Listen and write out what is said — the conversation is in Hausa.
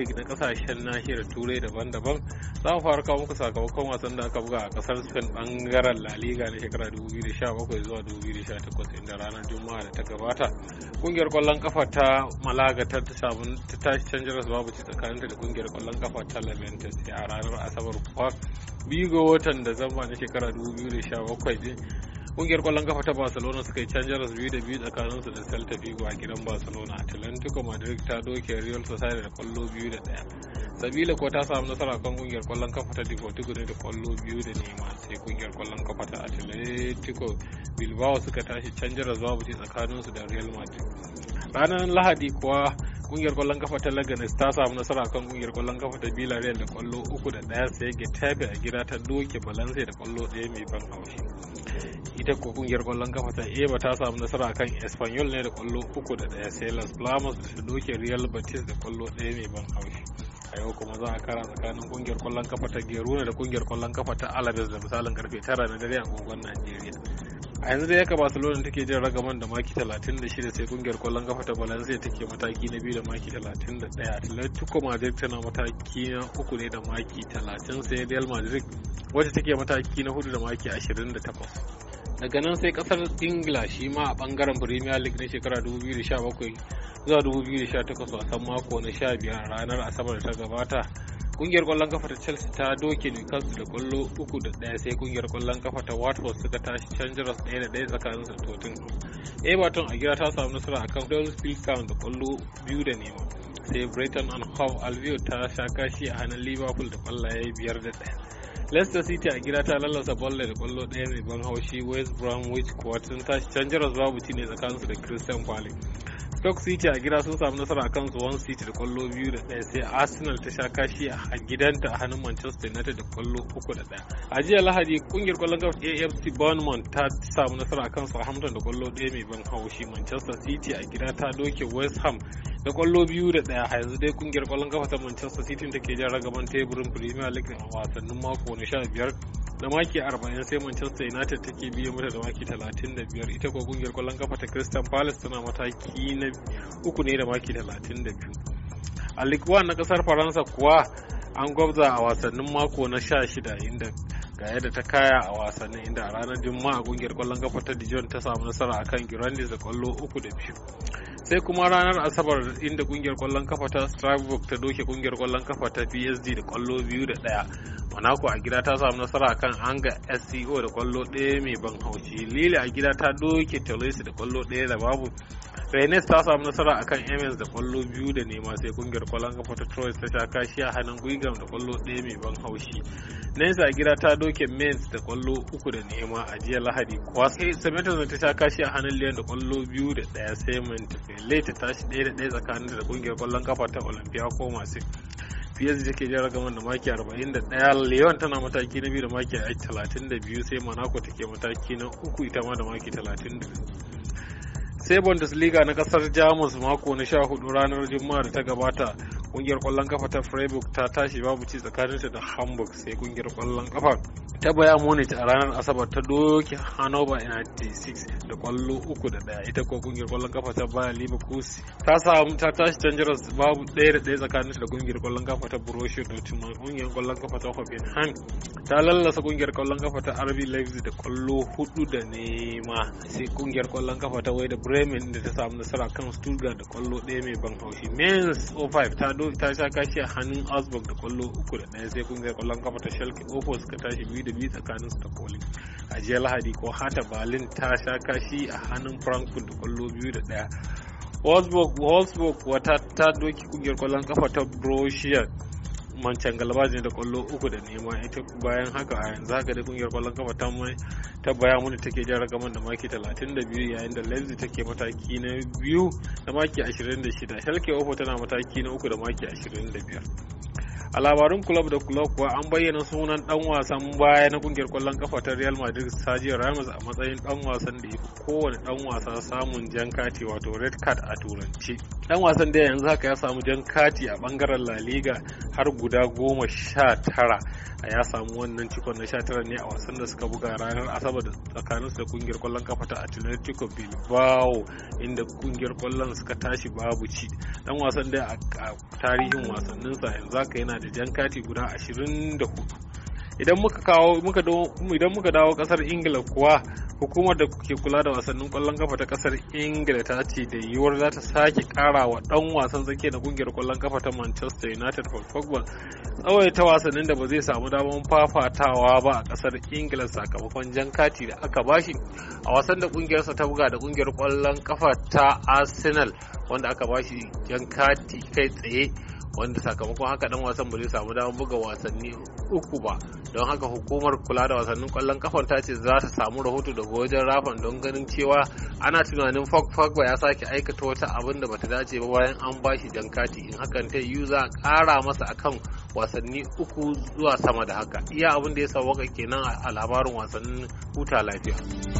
league na kasashen nahiyar turai daban-daban za mu fara kawo muku sakamakon wasan da aka buga a kasar spain bangaren la liga na shekara 2017 zuwa 2018 inda ranar juma'a da ta gabata kungiyar kwallon kafa ta malaga ta samu ta tashi canjar babu ci tsakaninta da kungiyar kwallon kafa ta lamentus a ranar asabar kuwa biyu ga watan da zama na shekara 2017 kungiyar kwallon kafa ta barcelona suka yi canjaras biyu da biyu tsakanin su da celta vigo a gidan barcelona atlantico madrid ta doke real society da kwallo biyu da daya sabila ko ta samu nasara kan kungiyar kwallon kafa ta deportivo ne da kwallo biyu da nema sai kungiyar kwallon kafa ta atlantico bilbao suka tashi canjaras babu ce tsakanin su da real madrid ranar lahadi kuwa kungiyar kwallon kafa ta Leganes ta samu nasara kan kungiyar kwallon kafa ta Villarreal da kwallo uku da daya sai Getafe a gida ta doke Valencia da kwallo daya mai ban haushi. ita ko kungiyar kwallon kafa ta eba ta samu nasara kan espanyol ne da kwallo uku da daya sai las palmas da doke real batis da kwallo daya mai ban haushi a yau kuma za a kara tsakanin kungiyar kwallon kafa ta geruna da kungiyar kwallon kafa ta alabes da misalin karfe tara na dare a kogon najeriya a yanzu da yaka barcelona take jin ragaman da maki 36 sai kungiyar kwallon kafa ta valencia take mataki na biyu da maki 31 atletico madrid tana mataki na uku ne da maki 30 sai real madrid wacce take mataki na hudu da maki 28 daga nan sai kasar ingila shi ma a bangaren premier league na shekara 2017 zuwa 2018 wasan mako na 15 ranar asabar ta gabata kungiyar kwallon kafa ta chelsea ta doke newcastle da kwallo uku da daya sai kungiyar kwallon kafa ta watford suka tashi changers daya da daya tsakanin su totin. tottenham everton a gida ta samu nasara dole huddersfield town da kwallo biyu da nema sai brighton and hove alvio ta sha kashi a hannun liverpool da kwallaye biyar da daya leicester city a gida ta lallasa bolle da kwallo daya mai ban haushi west bromwich kuwa sun tashi changers babu ci ne tsakaninsu da christian palace stoke city a gida sun samu nasara kan su one city da kwallo biyu da ɗaya sai arsenal ta sha kashi a gidanta a hannun manchester united da kwallo uku da ɗaya a jiya lahadi kungiyar kwallon kafa afc bournemouth ta samu nasara kan su hamton da kwallo ɗaya mai ban haushi manchester city a gida ta doke west ham da kwallo biyu da daya a yanzu dai kungiyar kwallon kafa ta manchester city take jan ragaban teburin premier league a wasannin mako na sha biyar da maki 40 sai manchester united take biyo mata da maki 35 ita kuwa kungiyar kwallon kafa ta crystal palace tana mataki na uku ne da maki 32 a ligue na kasar faransa kuwa an gwabza a wasannin mako na 16 inda ga yadda ta kaya a wasannin inda a ranar juma'a kungiyar kwallon kafa ta dijon ta samu nasara akan girandis da kwallo uku da biyu sai kuma ranar asabar inda kungiyar kwallon kafa ta strasbourg ta doke kungiyar kwallon kafa ta psd da kwallo biyu da daya monaco a gida ta samu nasara kan anga sco da kwallo daya mai ban haushi lille a gida ta doke toulouse da kwallo daya da babu rennes ta samu nasara akan emens da kwallo biyu da nema sai kungiyar kwallon kafa ta troyes ta sha kashi a hannun guigam da kwallo daya mai ban haushi nesa a gida ta doke mens da kwallo uku da nema a jiya lahadi kwasai sametos ta sha kashi a hannun lyon da kwallo biyu da daya sai mantafe lallai ta tashi ɗaya da ɗaya tsakanin da kungiyar kwallon kafa ta olympia ko masu PSG ke jan ragaman da maki 41 Leon tana mataki na biyu da maki 32 sai Monaco take mataki na uku ita ma da maki 32 sai Bundesliga na kasar Jamus mako na 14 ranar Juma'a da ta gabata kungiyar kwallon kafa ta freiburg ta tashi babu ci tsakaninta da hamburg sai kungiyar kwallon kafa ta baya munich a ranar asabar ta doke hannover 96 da kwallo uku da daya ita ko kungiyar kwallon kafa ta bayan leverkusen ta samu ta tashi dangerous babu ɗaya da ɗaya tsakaninta da kungiyar kwallon kafa ta borussia dortmund kungiyar kwallon kafa ta hoffenheim ta lallasa kungiyar kwallon kafa ta rb leipzig da kwallo hudu da nema sai kungiyar kwallon kafa ta wai da bremen da ta samu nasara kan stuttgart da kwallo ɗaya mai ban haushi mainz 05 ta ta sha kashi a hannun augsburg da kwallo uku da ɗaya sai kungiyar kwallon kafa ta schalke ofo ka tashi biyu da biyu tsakanin su a jiya lahadi ko hata berlin ta sha kashi a hannun frankfurt da kwallo biyu da ɗaya wolfsburg wata ta doki kungiyar kwallon kafa ta borussia mancan galaba ne da kwallo uku da nema ita bayan haka a yanzu haka da kungiyar kwallon kafa ta mai ta muni take jan ragaman da maki 32 yayin da lenzi take mataki na biyu da maki 26 shalke ofo tana mataki na uku da maki 25 a labarun club da club kuwa an bayyana sunan dan wasan baya na kungiyar kwallon kafa ta real madrid sergio ramos a matsayin dan wasan da kowane dan wasa samun jan kati wato red card a turanci dan wasan da yanzu haka ya samu jan kati a bangaren la liga har guda goma sha tara a ya samu wannan cikon na sha tara ne a wasan da suka buga ranar asabar tsakaninsu da kungiyar kwallon kafa ta atletico bilbao inda kungiyar kwallon suka tashi babu ci dan wasan da a tarihin wasanninsa yanzu haka yana da jan kati guda 24 idan muka kawo idan dawo kasar ingila kuwa hukumar da ke kula da wasannin kwallon kafa ta kasar ingila ta ce da yiwuwar za ta sake kara wa dan wasan zake na kungiyar kwallon kafa ta manchester united paul pogba ta wasannin da ba zai samu damar fafatawa ba a kasar ingila sakamakon jan kati da aka bashi a wasan da kungiyarsa ta buga da kungiyar kwallon kafa ta arsenal wanda aka bashi jan kati kai tsaye wanda sakamakon haka dan wasan ba zai samu damar buga wasanni uku ba don haka hukumar kula da wasannin kwallon kafan ta ce za ta samu rahoto daga wajen rafan don ganin cewa ana tunanin ba ya sake aikata wata abin da bata dace ba bayan an bashi jan kati in hakan ta yiwu za a kara masa akan wasanni uku zuwa sama da haka iya abin da ya sauka kenan a labarin wasannin huta lafiya.